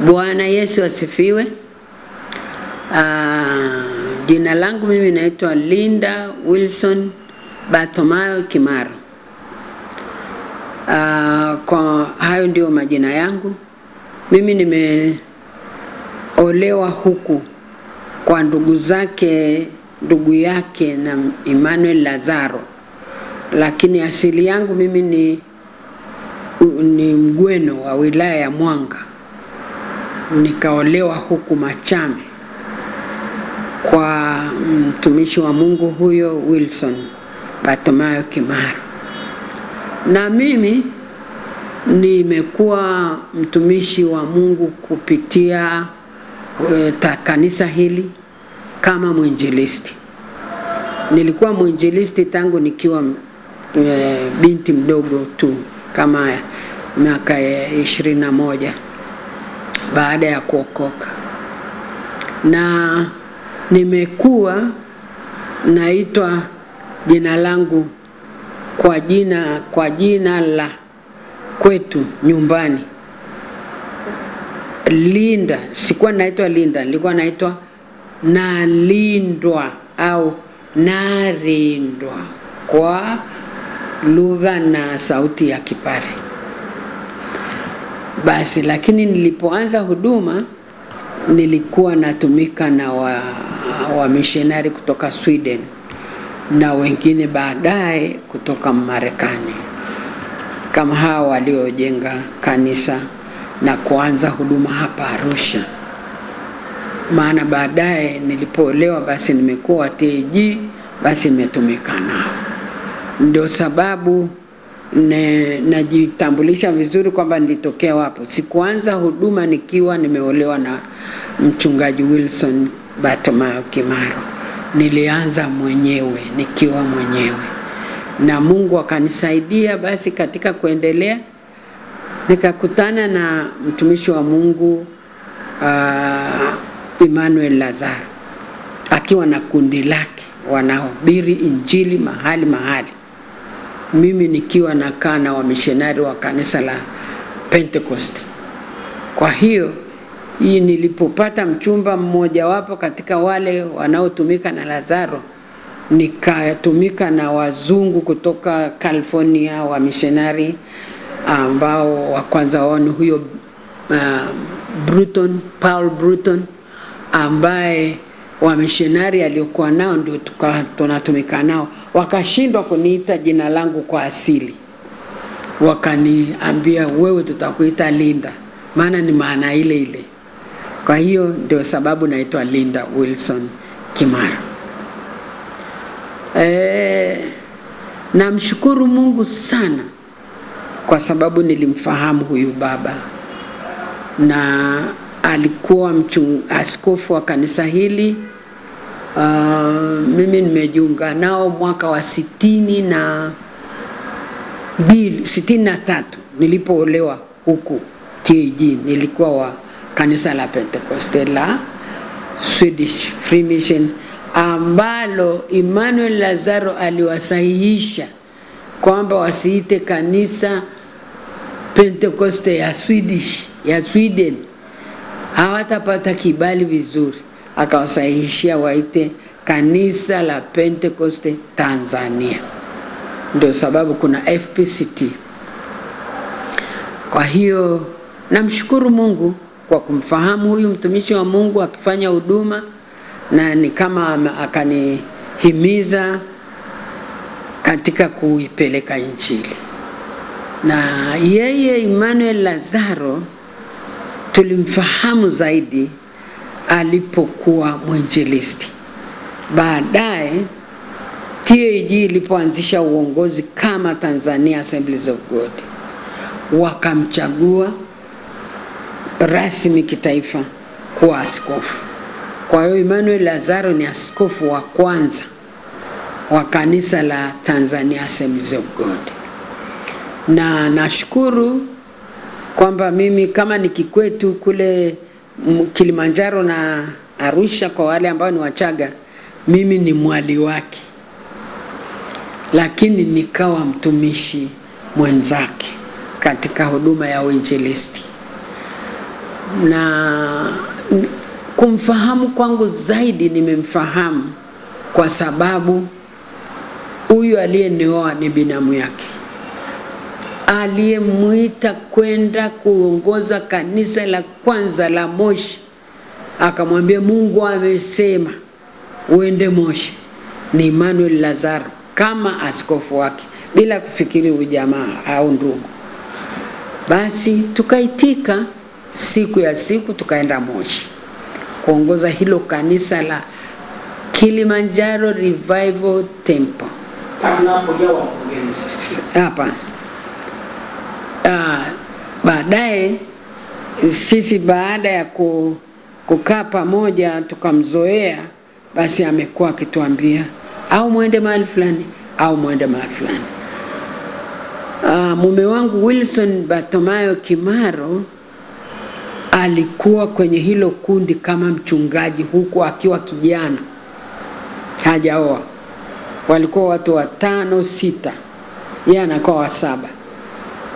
Bwana Yesu asifiwe. Ah, jina langu mimi naitwa Linda Wilson Batomayo Kimaro. Uh, kwa hayo ndio majina yangu. Mimi nimeolewa huku kwa ndugu zake, ndugu yake na Emmanuel Lazaro, lakini asili yangu mimi ni, ni Mgweno wa wilaya ya Mwanga nikaolewa huku Machame kwa mtumishi wa Mungu huyo Wilson Bartomayo Kimaro, na mimi nimekuwa mtumishi wa Mungu kupitia e, ta kanisa hili kama mwinjilisti. Nilikuwa mwinjilisti tangu nikiwa e, binti mdogo tu kama miaka ishirini na moja baada ya kuokoka, na nimekuwa naitwa jina langu kwa jina kwa jina la kwetu nyumbani Linda. Sikuwa naitwa Linda, nilikuwa naitwa Nalindwa au Narindwa kwa lugha na sauti ya Kipare. Basi lakini nilipoanza huduma nilikuwa natumika na wa, wa missionary kutoka Sweden na wengine baadaye kutoka Marekani kama hawa waliojenga kanisa na kuanza huduma hapa Arusha. Maana baadaye nilipoolewa, basi nimekuwa TG, basi nimetumika nao, ndio sababu ne, najitambulisha vizuri kwamba nilitokea wapo. Sikuanza huduma nikiwa nimeolewa na mchungaji Wilson Batomayo Kimaro. Nilianza mwenyewe nikiwa mwenyewe, na Mungu akanisaidia basi katika kuendelea, nikakutana na mtumishi wa Mungu uh, Emmanuel Lazaro akiwa na kundi lake wanahubiri injili mahali mahali mimi nikiwa nakaa na wamishonari wa kanisa la Pentecost. Kwa hiyo hii nilipopata mchumba mmojawapo katika wale wanaotumika na Lazaro, nikatumika na wazungu kutoka California wa mishonari ambao wa kwanza wao ni huyo uh, Bruton, Paul Bruton ambaye wamishonari aliyokuwa nao ndio tunatumika nao wakashindwa kuniita jina langu kwa asili, wakaniambia wewe tutakuita Linda, maana ni maana ile ile. Kwa hiyo ndio sababu naitwa Linda Wilson Kimara. E, namshukuru Mungu sana kwa sababu nilimfahamu huyu baba na alikuwa mchungaji askofu wa kanisa hili. Uh, mimi nimejiunga nao mwaka wa sitini na mbili, sitini na tatu nilipoolewa huku TAG, nilikuwa wa kanisa la Pentekoste la Swedish Mission ambalo Emmanuel Lazaro aliwasahihisha kwamba wasiite kanisa Pentekoste ya Swedish ya Sweden, hawatapata kibali vizuri akawasahihishia waite kanisa la Pentekoste Tanzania. Ndio sababu kuna FPCT. Kwa hiyo namshukuru Mungu kwa kumfahamu huyu mtumishi wa Mungu akifanya huduma, na ni kama akanihimiza katika kuipeleka Injili. Na yeye Emmanuel Lazaro tulimfahamu zaidi alipokuwa mwinjilisti. Baadaye TAG ilipoanzisha uongozi kama Tanzania Assemblies of God, wakamchagua rasmi kitaifa kuwa askofu. Kwa hiyo Emmanuel Lazaro ni askofu wa kwanza wa kanisa la Tanzania Assemblies of God, na nashukuru kwamba mimi kama ni kikwetu kule Kilimanjaro na Arusha, kwa wale ambao ni Wachaga, mimi ni mwali wake, lakini nikawa mtumishi mwenzake katika huduma ya uinjilisti na kumfahamu kwangu zaidi, nimemfahamu kwa sababu huyu aliyenioa ni binamu yake aliyemwita kwenda kuongoza kanisa la kwanza la Moshi, akamwambia Mungu amesema uende Moshi, ni Emmanuel Lazaro kama askofu wake, bila kufikiri ujamaa au ndugu. Basi tukaitika siku ya siku, tukaenda Moshi kuongoza hilo kanisa la Kilimanjaro Revival Temple. Hapa uh, baadaye sisi baada ya ku, kukaa pamoja tukamzoea, basi amekuwa akituambia au mwende mahali fulani au mwende mahali fulani. Uh, mume wangu Wilson Batomayo Kimaro alikuwa kwenye hilo kundi kama mchungaji huku akiwa kijana hajaoa. Walikuwa watu watano sita, yeye anakuwa wa saba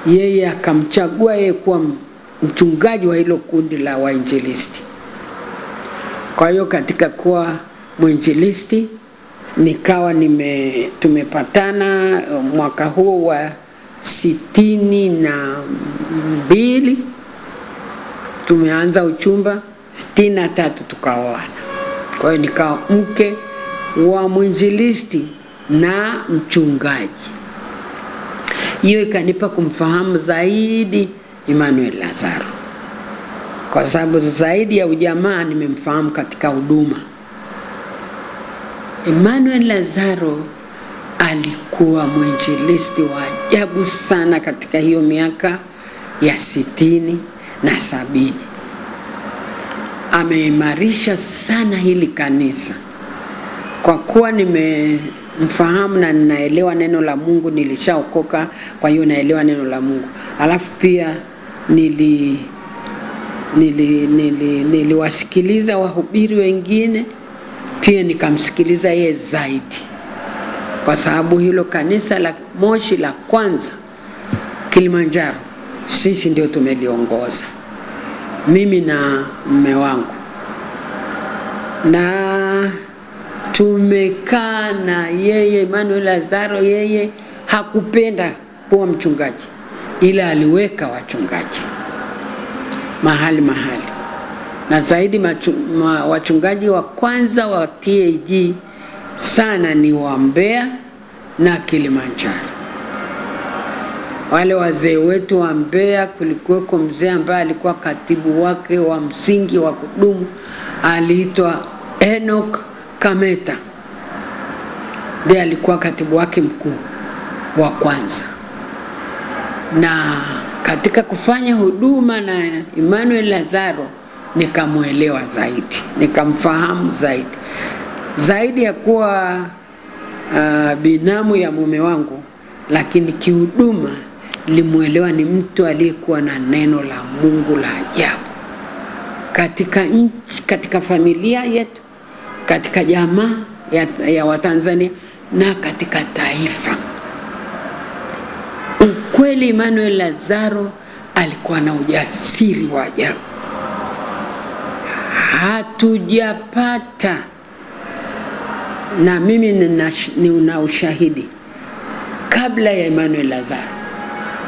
yeye akamchagua yeye kuwa mchungaji wa hilo kundi la wainjilisti. Kwa hiyo katika kuwa mwinjilisti nikawa nime tumepatana uh, mwaka huo wa sitini na mbili tumeanza uchumba, sitini na tatu tukaoana. Kwa hiyo nikawa mke wa mwinjilisti na mchungaji hiyo ikanipa kumfahamu zaidi Emmanuel Lazaro, kwa sababu zaidi ya ujamaa nimemfahamu katika huduma. Emmanuel Lazaro alikuwa mwinjilisti wa ajabu sana katika hiyo miaka ya sitini na sabini. Ameimarisha sana hili kanisa kwa kuwa nime mfahamu na ninaelewa neno la Mungu, nilishaokoka, kwa hiyo naelewa neno la Mungu. Alafu pia nili niliwasikiliza nili, nili wahubiri wengine pia nikamsikiliza ye zaidi, kwa sababu hilo kanisa la Moshi la kwanza Kilimanjaro sisi ndio tumeliongoza, mimi na mme wangu na tumekaa na yeye Emmanuel Lazaro. Yeye hakupenda kuwa mchungaji, ila aliweka wachungaji mahali mahali, na zaidi machu, ma, wachungaji wa kwanza wa TAG sana ni wa Mbeya na Kilimanjaro wale wazee wetu wa Mbeya, kulikuweko mzee ambaye alikuwa katibu wake wa msingi wa kudumu aliitwa Enoch Kameta ndiye alikuwa katibu wake mkuu wa kwanza, na katika kufanya huduma na Emmanuel Lazaro nikamwelewa zaidi, nikamfahamu zaidi zaidi ya kuwa uh, binamu ya mume wangu, lakini kihuduma nilimwelewa ni mtu aliyekuwa na neno la Mungu la ajabu katika nchi, katika familia yetu katika jamaa ya, ya Watanzania na katika taifa. Ukweli, Emmanuel Lazaro alikuwa na ujasiri wa ajabu. Hatujapata, na mimi nina ushahidi, kabla ya Emmanuel Lazaro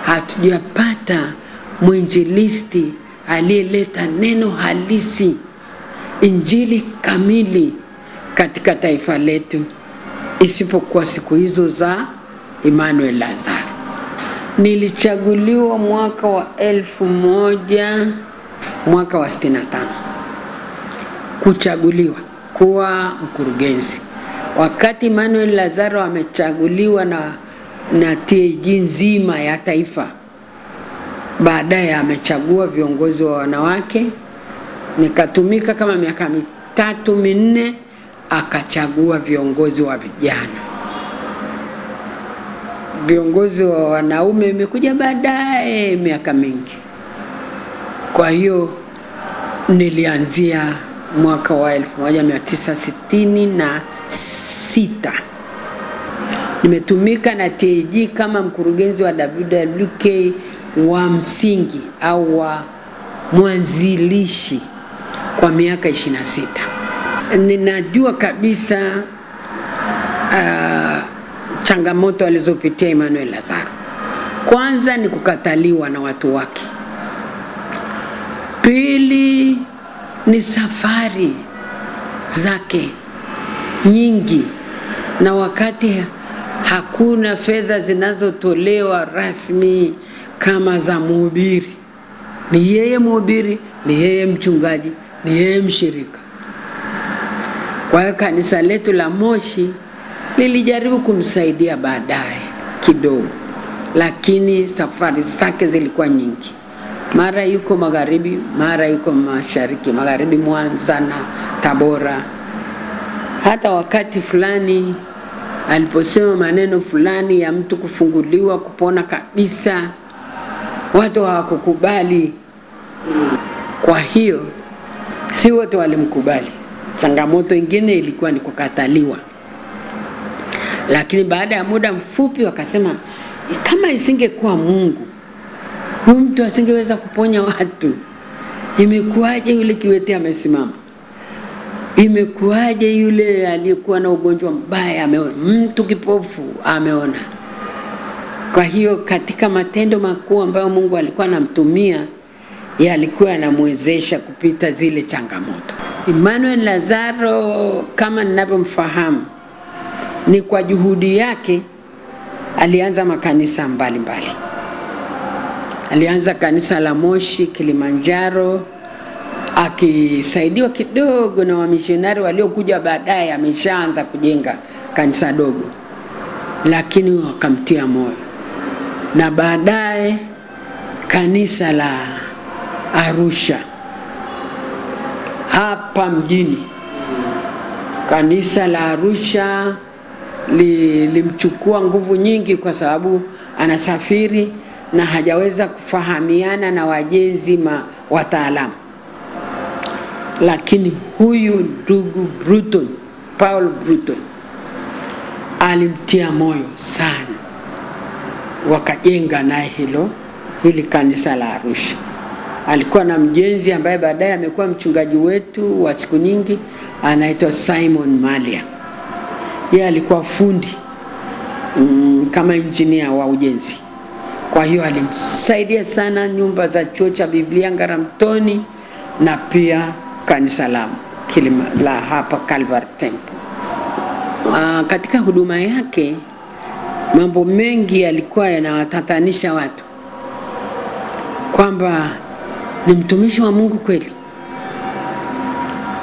hatujapata mwinjilisti aliyeleta neno halisi, injili kamili katika taifa letu, isipokuwa siku hizo za Emmanuel Lazaro. Nilichaguliwa mwaka wa elfu moja mwaka wa 65 kuchaguliwa kuwa mkurugenzi. Wakati Emmanuel Lazaro amechaguliwa na, na TAG nzima ya taifa, baadaye amechagua viongozi wa wanawake, nikatumika kama miaka mitatu minne akachagua viongozi wa vijana. Viongozi wa wanaume imekuja baadaye, miaka mingi. Kwa hiyo nilianzia mwaka wa 1966 nimetumika na TAG kama mkurugenzi wa WWK wa msingi au wa mwanzilishi kwa miaka 26 ninajua kabisa uh, changamoto alizopitia Emmanuel Lazaro. Kwanza ni kukataliwa na watu wake, pili ni safari zake nyingi, na wakati hakuna fedha zinazotolewa rasmi kama za mhubiri. Ni yeye mhubiri, ni yeye mchungaji, ni yeye mshirika. Kwa hiyo kanisa letu la Moshi lilijaribu kumsaidia baadaye kidogo, lakini safari zake zilikuwa nyingi, mara yuko magharibi, mara yuko mashariki, magharibi Mwanza na Tabora. Hata wakati fulani aliposema maneno fulani ya mtu kufunguliwa kupona kabisa, watu hawakukubali. Kwa hiyo si wote walimkubali. Changamoto ingine ilikuwa ni kukataliwa, lakini baada ya muda mfupi wakasema kama isingekuwa Mungu huyu mtu asingeweza kuponya watu. Imekuwaje yule kiwete amesimama? Imekuwaje yule aliyekuwa na ugonjwa mbaya ameona? Mtu kipofu ameona. Kwa hiyo katika matendo makuu ambayo Mungu alikuwa anamtumia yalikuwa yanamwezesha kupita zile changamoto. Emmanuel Lazaro kama ninavyomfahamu ni kwa juhudi yake alianza makanisa mbalimbali mbali. Alianza kanisa la Moshi Kilimanjaro, akisaidiwa kidogo na wamishonari waliokuja baadaye. Ameshaanza kujenga kanisa dogo, lakini wakamtia moyo, na baadaye kanisa la Arusha hapa mjini. Kanisa la Arusha lilimchukua li nguvu nyingi, kwa sababu anasafiri na hajaweza kufahamiana na wajenzi wataalamu, lakini huyu ndugu Bruton, Paul Bruton alimtia moyo sana, wakajenga naye hilo hili kanisa la Arusha alikuwa na mjenzi ambaye baadaye amekuwa mchungaji wetu wa siku nyingi, anaitwa Simon Malia. Yeye alikuwa fundi mm, kama injinia wa ujenzi. Kwa hiyo alimsaidia sana nyumba za chuo cha Biblia Ngaramtoni na pia kanisa la Kilima, la hapa Calvary Temple. Uh, katika huduma yake mambo mengi yalikuwa yanawatatanisha watu kwamba ni mtumishi wa Mungu kweli,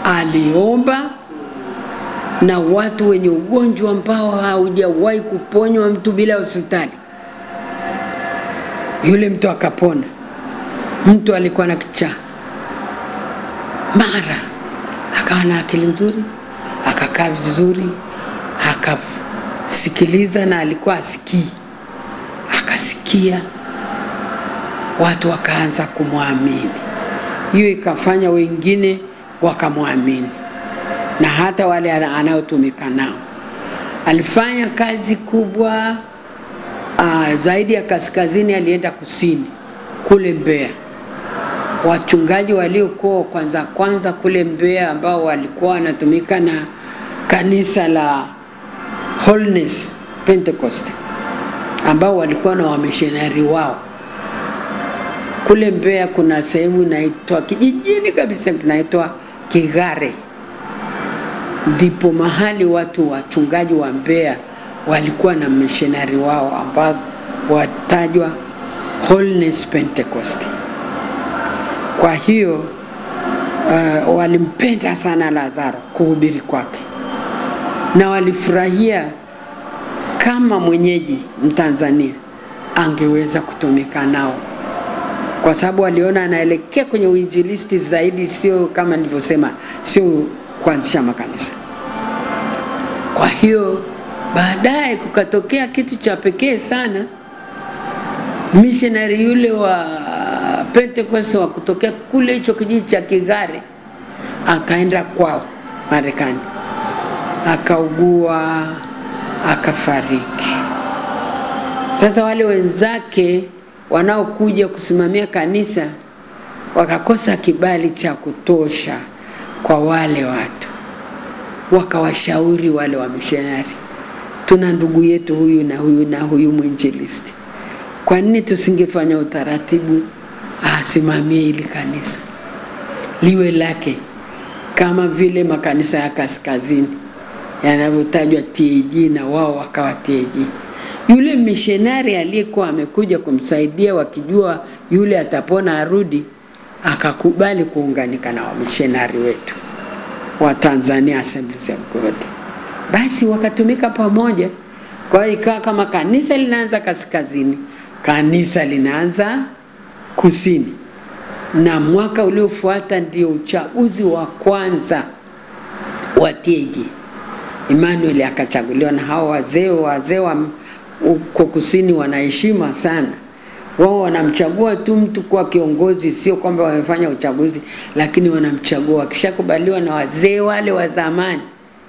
aliomba na watu wenye ugonjwa ambao haujawahi kuponywa mtu bila hospitali, yule mtu akapona. Mtu alikuwa na kichaa, mara akawa na akili nzuri, akakaa vizuri, akasikiliza, na alikuwa asikii, akasikia watu wakaanza kumwamini. Hiyo ikafanya wengine wakamwamini na hata wale anaotumika nao. Alifanya kazi kubwa aa, ah, zaidi ya kaskazini, alienda kusini kule Mbeya. Wachungaji waliokuwa kwanza kwanza kule Mbeya ambao walikuwa wanatumika na kanisa la Holiness Pentecost ambao walikuwa na wamishonari wao kule Mbeya kuna sehemu inaitwa kijijini kabisa kinaitwa Kigare, ndipo mahali watu wachungaji wa Mbeya walikuwa na mishonari wao ambao watajwa Holiness Pentecost. Kwa hiyo uh, walimpenda sana Lazaro kuhubiri kwake na walifurahia kama mwenyeji Mtanzania angeweza kutumika nao kwa sababu aliona anaelekea kwenye uinjilisti zaidi, sio kama nilivyosema, sio kuanzisha makanisa. Kwa hiyo baadaye kukatokea kitu cha pekee sana, missionary yule wa Pentecost wa kutokea kule hicho kijiji cha Kigare akaenda kwao Marekani, akaugua, akafariki. Sasa wale wenzake wanaokuja kusimamia kanisa wakakosa kibali cha kutosha kwa wale watu, wakawashauri wale wamishonari, tuna ndugu yetu huyu na huyu na huyu mwinjilisti, kwa nini tusingefanya utaratibu asimamie ili kanisa liwe lake kama vile makanisa ya kaskazini yanavyotajwa TAG na wao wakawa TAG. Yule mishenari aliyekuwa amekuja kumsaidia, wakijua yule atapona arudi, akakubali kuunganika na wamishenari wetu wa Tanzania Assemblies of God. Basi wakatumika pamoja, kwa hiyo ikawa kama kanisa linaanza kaskazini, kanisa linaanza kusini, na mwaka uliofuata ndio uchaguzi wa kwanza wa TAG. Emmanuel akachaguliwa na hao wazee wazee wa huko kusini wanaheshima sana wao wanamchagua tu mtu kuwa kiongozi, sio kwamba wamefanya uchaguzi, lakini wanamchagua. Wakishakubaliwa na wazee wale wa zamani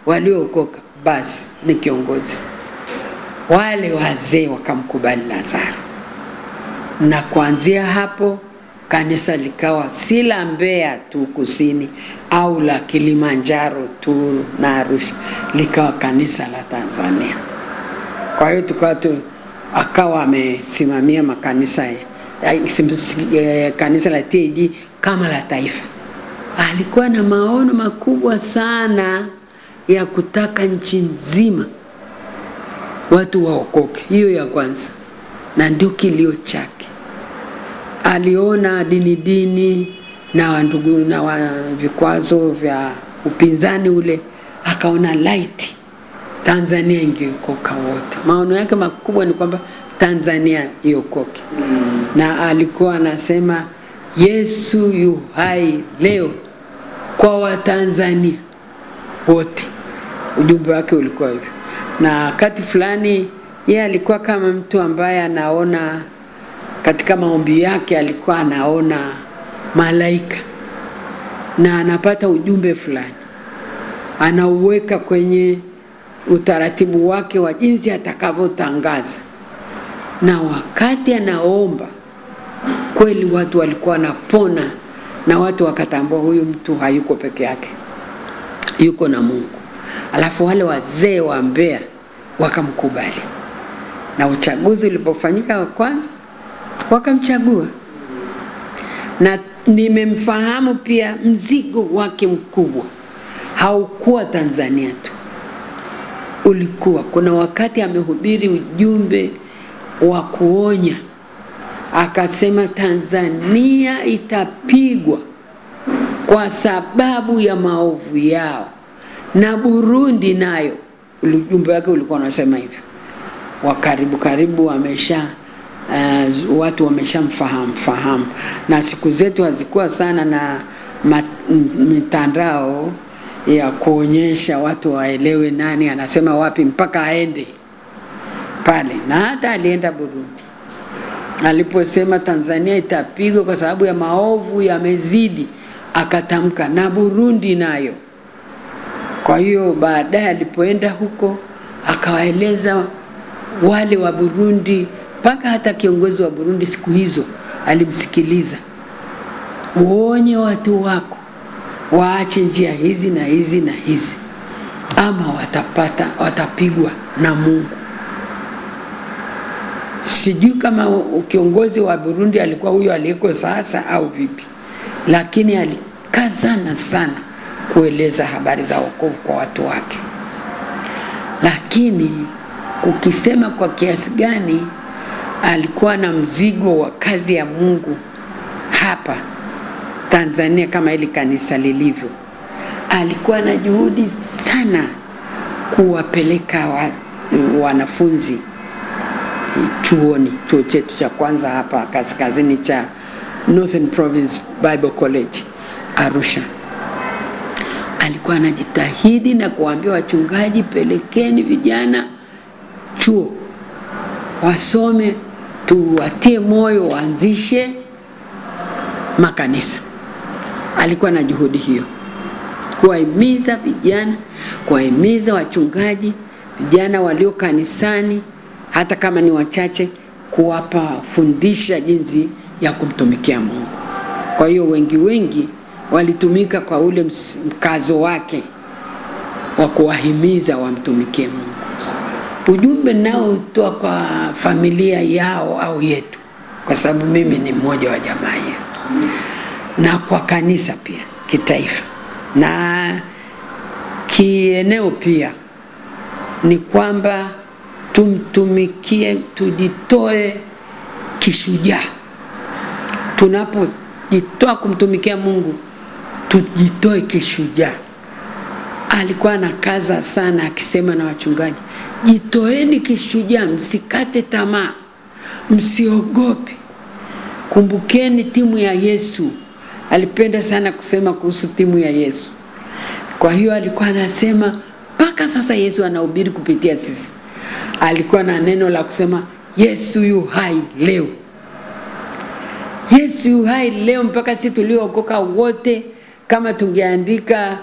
waliookoka, basi ni kiongozi. Wale wazee wakamkubali Lazaro, na kuanzia hapo kanisa likawa si la Mbeya tu kusini au la Kilimanjaro tu na Arusha, likawa kanisa la Tanzania. Kwa hiyo tukawa tu akawa amesimamia makanisa kanisa la TAG kama la taifa. Alikuwa na maono makubwa sana ya kutaka nchi nzima watu waokoke, hiyo ya kwanza, na ndio kilio chake. Aliona dini dini na wandugu na wa vikwazo vya upinzani ule, akaona light Tanzania ingeokoka wote. Maono yake makubwa ni kwamba Tanzania iokoke mm. Na alikuwa anasema Yesu yu hai leo kwa Watanzania wote. Ujumbe wake ulikuwa hivyo, na wakati fulani yeye alikuwa kama mtu ambaye anaona, katika maombi yake alikuwa anaona malaika na anapata ujumbe fulani anauweka kwenye utaratibu wake wa jinsi atakavyotangaza, na wakati anaomba kweli watu walikuwa wanapona na watu wakatambua huyu mtu hayuko peke yake, yuko na Mungu. Alafu wale wazee wa Mbeya wakamkubali, na uchaguzi ulipofanyika wa kwanza wakamchagua, na nimemfahamu pia. Mzigo wake mkubwa haukuwa Tanzania tu ulikuwa kuna wakati amehubiri ujumbe wa kuonya, akasema Tanzania itapigwa kwa sababu ya maovu yao na Burundi nayo. Ujumbe wake ulikuwa unasema hivyo, wakaribu karibu wamesha uh, watu wameshamfahamu fahamu, na siku zetu hazikuwa sana na mitandao ya kuonyesha watu waelewe nani anasema wapi mpaka aende pale, na hata alienda Burundi aliposema Tanzania itapigwa kwa sababu ya maovu yamezidi, akatamka na Burundi nayo. Kwa hiyo baadaye alipoenda huko akawaeleza wale wa Burundi, mpaka hata kiongozi wa Burundi siku hizo alimsikiliza, uonye watu wako waache njia hizi na hizi na hizi, ama watapata watapigwa na Mungu. Sijui kama kiongozi wa Burundi alikuwa huyo aliyeko sasa au vipi, lakini alikazana sana kueleza habari za wokovu kwa watu wake. Lakini ukisema kwa kiasi gani alikuwa na mzigo wa kazi ya Mungu hapa Tanzania kama hili kanisa lilivyo. Alikuwa na juhudi sana kuwapeleka wa, wanafunzi chuoni. Chuo chetu cha kwanza hapa kaskazini cha Northern Province Bible College Arusha, alikuwa anajitahidi na kuwaambia wachungaji, pelekeni vijana chuo wasome, tuwatie moyo, waanzishe makanisa alikuwa na juhudi hiyo, kuwahimiza vijana, kuwahimiza wachungaji, vijana walio kanisani, hata kama ni wachache, kuwapafundisha jinsi ya kumtumikia Mungu. Kwa hiyo wengi wengi walitumika kwa ule mkazo wake wa kuwahimiza wamtumikie Mungu. Ujumbe naotoa kwa familia yao au yetu, kwa sababu mimi ni mmoja wa jamaa hiyo na kwa kanisa pia kitaifa na kieneo pia, ni kwamba tumtumikie, tujitoe kishujaa. Tunapojitoa kumtumikia Mungu, tujitoe kishujaa. Alikuwa anakaza sana akisema na wachungaji, jitoeni kishujaa, msikate tamaa, msiogope. Kumbukeni timu ya Yesu alipenda sana kusema kuhusu timu ya Yesu. Kwa hiyo alikuwa anasema mpaka sasa Yesu anahubiri kupitia sisi. Alikuwa na neno la kusema Yesu yu hai leo. Yesu yu hai leo mpaka sisi tuliookoka wote, kama tungeandika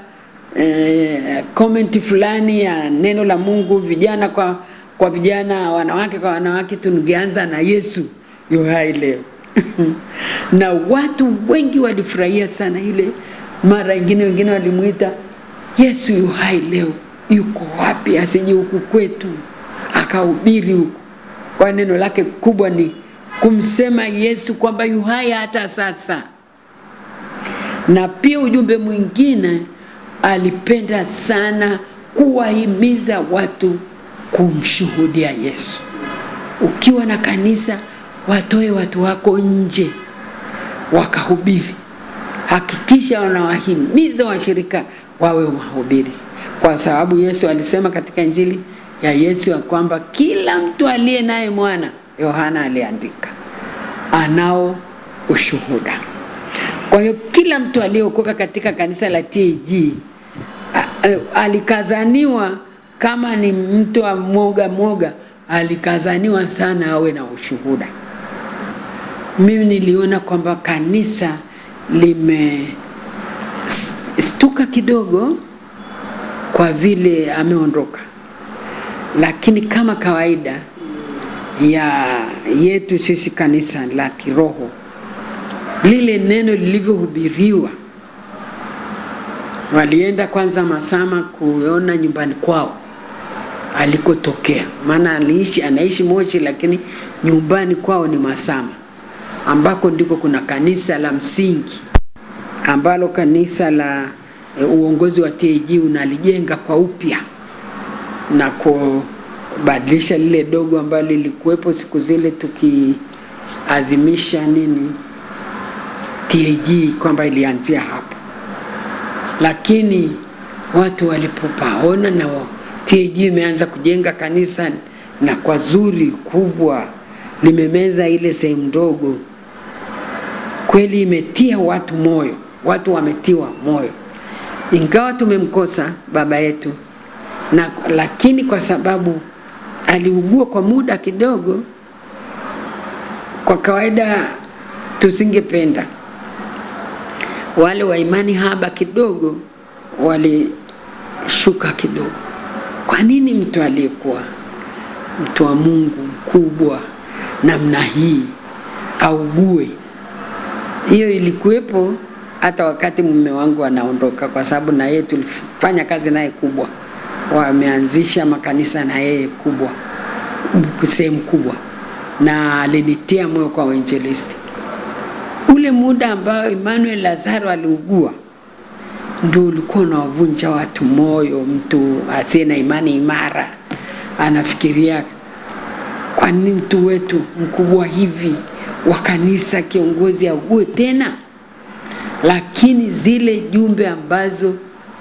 eh, comment fulani ya neno la Mungu, vijana kwa kwa vijana, wanawake kwa wanawake, tungeanza na Yesu yu hai leo. na watu wengi walifurahia sana ile mara ingine, wengine walimwita Yesu yu hai leo, yuko wapi? Asije huku kwetu akahubiri huku, kwa neno lake kubwa ni kumsema Yesu kwamba yu hai hata sasa. Na pia ujumbe mwingine alipenda sana kuwahimiza watu kumshuhudia Yesu. Ukiwa na kanisa watoe watu wako nje wakahubiri. Hakikisha wanawahimiza washirika wawe wahubiri, kwa sababu Yesu alisema katika Injili ya Yesu ya kwamba kila mtu aliye naye mwana, Yohana aliandika, anao ushuhuda. Kwa hiyo kila mtu aliyeokoka katika kanisa la TAG e, alikazaniwa kama ni mtu wa mwoga mwoga, alikazaniwa sana awe na ushuhuda mimi niliona kwamba kanisa limestuka kidogo kwa vile ameondoka, lakini kama kawaida ya yetu sisi kanisa la kiroho, lile neno lilivyohubiriwa, walienda kwanza Masama kuona nyumbani kwao alikotokea, maana aliishi anaishi Moshi, lakini nyumbani kwao ni Masama ambako ndiko kuna kanisa la msingi ambalo kanisa la e, uongozi wa TAG unalijenga kwa upya na kubadilisha lile dogo ambalo lilikuwepo siku zile tukiadhimisha nini TAG kwamba ilianzia hapo, lakini watu walipopaona na TAG imeanza kujenga kanisa na kwa zuri kubwa limemeza ile sehemu ndogo kweli imetia watu moyo, watu wametiwa moyo, ingawa tumemkosa baba yetu na, lakini kwa sababu aliugua kwa muda kidogo, kwa kawaida tusingependa wale wa imani haba kidogo walishuka kidogo. Kwa nini mtu aliyekuwa mtu wa Mungu mkubwa namna hii augue? Hiyo ilikuwepo hata wakati mume wangu anaondoka, kwa sababu na yeye tulifanya kazi naye kubwa, wameanzisha makanisa na yeye kubwa, sehemu kubwa, na alinitia moyo kwa uinjilisti. Ule muda ambao Emmanuel Lazaro aliugua ndio ulikuwa unawavunja watu moyo. Mtu asiye na imani imara anafikiria kwa nini mtu wetu mkubwa hivi wa kanisa, kiongozi augue tena, lakini zile jumbe ambazo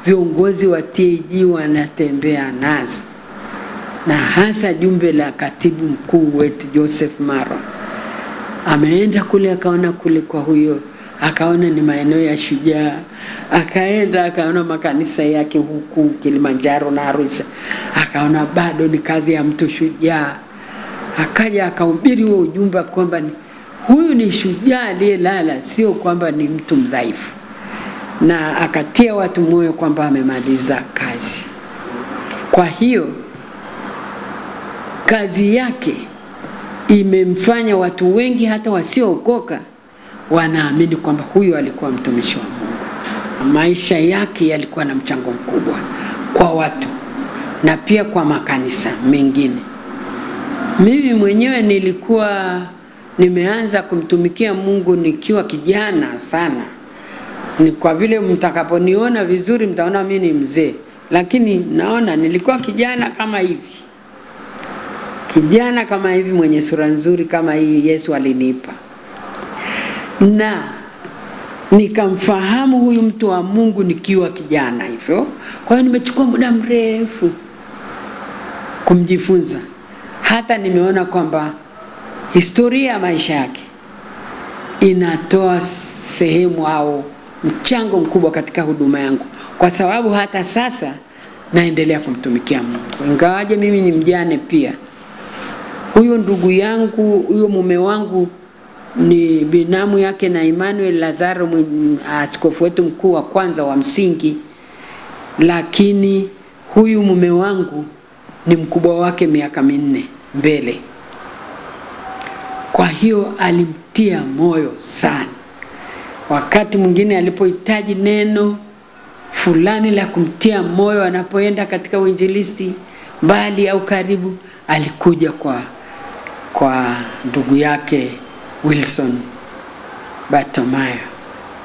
viongozi wa TAG wanatembea nazo na hasa jumbe la katibu mkuu wetu Joseph Maro ameenda kule akaona kule kwa huyo, akaona ni maeneo ya shujaa, akaenda akaona makanisa yake huku Kilimanjaro na Arusha, akaona bado ni kazi ya mtu shujaa, akaja akahubiri huo ujumbe kwamba huyu ni shujaa aliyelala, sio kwamba ni mtu mdhaifu, na akatia watu moyo kwamba amemaliza kazi. Kwa hiyo kazi yake imemfanya watu wengi hata wasiookoka wanaamini kwamba huyu alikuwa mtumishi wa Mungu. Maisha yake yalikuwa na mchango mkubwa kwa watu na pia kwa makanisa mengine. Mimi mwenyewe nilikuwa nimeanza kumtumikia Mungu nikiwa kijana sana. Ni kwa vile mtakaponiona vizuri mtaona mimi ni mzee, lakini naona nilikuwa kijana kama hivi, kijana kama hivi mwenye sura nzuri kama hii Yesu alinipa, na nikamfahamu huyu mtu wa Mungu nikiwa kijana hivyo. Kwa hiyo nimechukua muda mrefu kumjifunza, hata nimeona kwamba historia ya maisha yake inatoa sehemu au mchango mkubwa katika huduma yangu, kwa sababu hata sasa naendelea kumtumikia Mungu, ingawaje mimi ni mjane pia. Huyo ndugu yangu, huyo mume wangu ni binamu yake na Emmanuel Lazaro, askofu wetu mkuu wa kwanza wa msingi, lakini huyu mume wangu ni mkubwa wake miaka minne mbele. Kwa hiyo alimtia moyo sana. Wakati mwingine alipohitaji neno fulani la kumtia moyo anapoenda katika uinjilisti mbali au karibu, alikuja kwa kwa ndugu yake Wilson Batomayo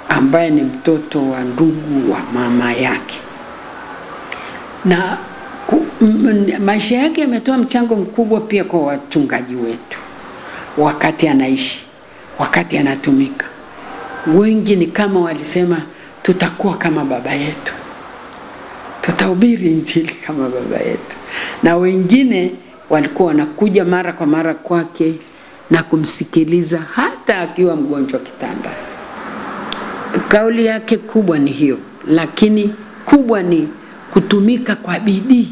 ambaye ni mtoto wa ndugu wa mama yake, na maisha yake yametoa mchango mkubwa pia kwa wachungaji wetu wakati anaishi, wakati anatumika. Wengi ni kama walisema, tutakuwa kama baba yetu, tutahubiri injili kama baba yetu, na wengine walikuwa wanakuja mara kwa mara kwake na kumsikiliza hata akiwa mgonjwa kitanda. Kauli yake kubwa ni hiyo, lakini kubwa ni kutumika kwa bidii,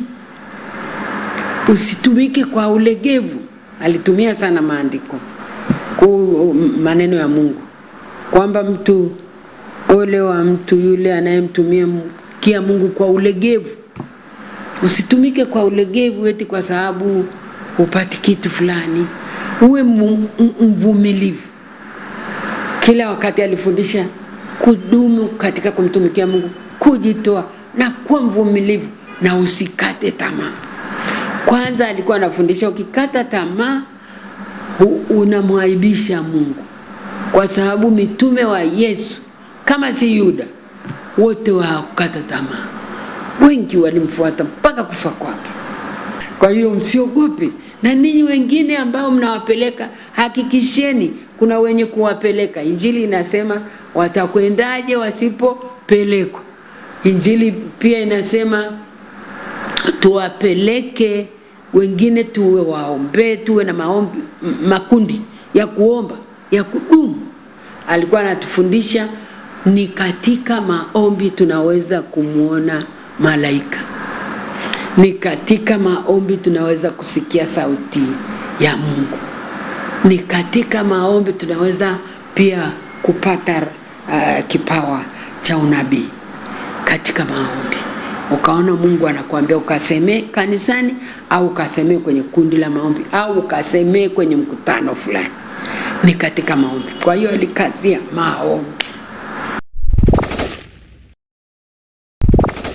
usitumike kwa ulegevu alitumia sana maandiko kuu, maneno ya Mungu kwamba mtu ole wa mtu yule anayemtumia kia Mungu kwa ulegevu. Usitumike kwa ulegevu eti kwa sababu upati kitu fulani, uwe mvumilivu. Kila wakati alifundisha kudumu katika kumtumikia Mungu, kujitoa na kuwa mvumilivu na usikate tamaa. Kwanza alikuwa anafundisha ukikata tamaa unamwaibisha Mungu, kwa sababu mitume wa Yesu kama si Yuda wote hawakukata tamaa, wengi walimfuata mpaka kufa kwake. Kwa hiyo msiogope. Na ninyi wengine ambao mnawapeleka, hakikisheni kuna wenye kuwapeleka. Injili inasema watakwendaje wasipopelekwa? Injili pia inasema tuwapeleke wengine, tuwe waombee, tuwe na maombi, makundi ya kuomba ya kudumu. Alikuwa anatufundisha ni katika maombi tunaweza kumwona malaika, ni katika maombi tunaweza kusikia sauti ya Mungu, ni katika maombi tunaweza pia kupata uh, kipawa cha unabii katika maombi ukaona Mungu anakuambia ukasemee kanisani au ukasemee kwenye kundi la maombi au ukasemee kwenye mkutano fulani, ni katika maombi. Kwa hiyo alikazia maombi.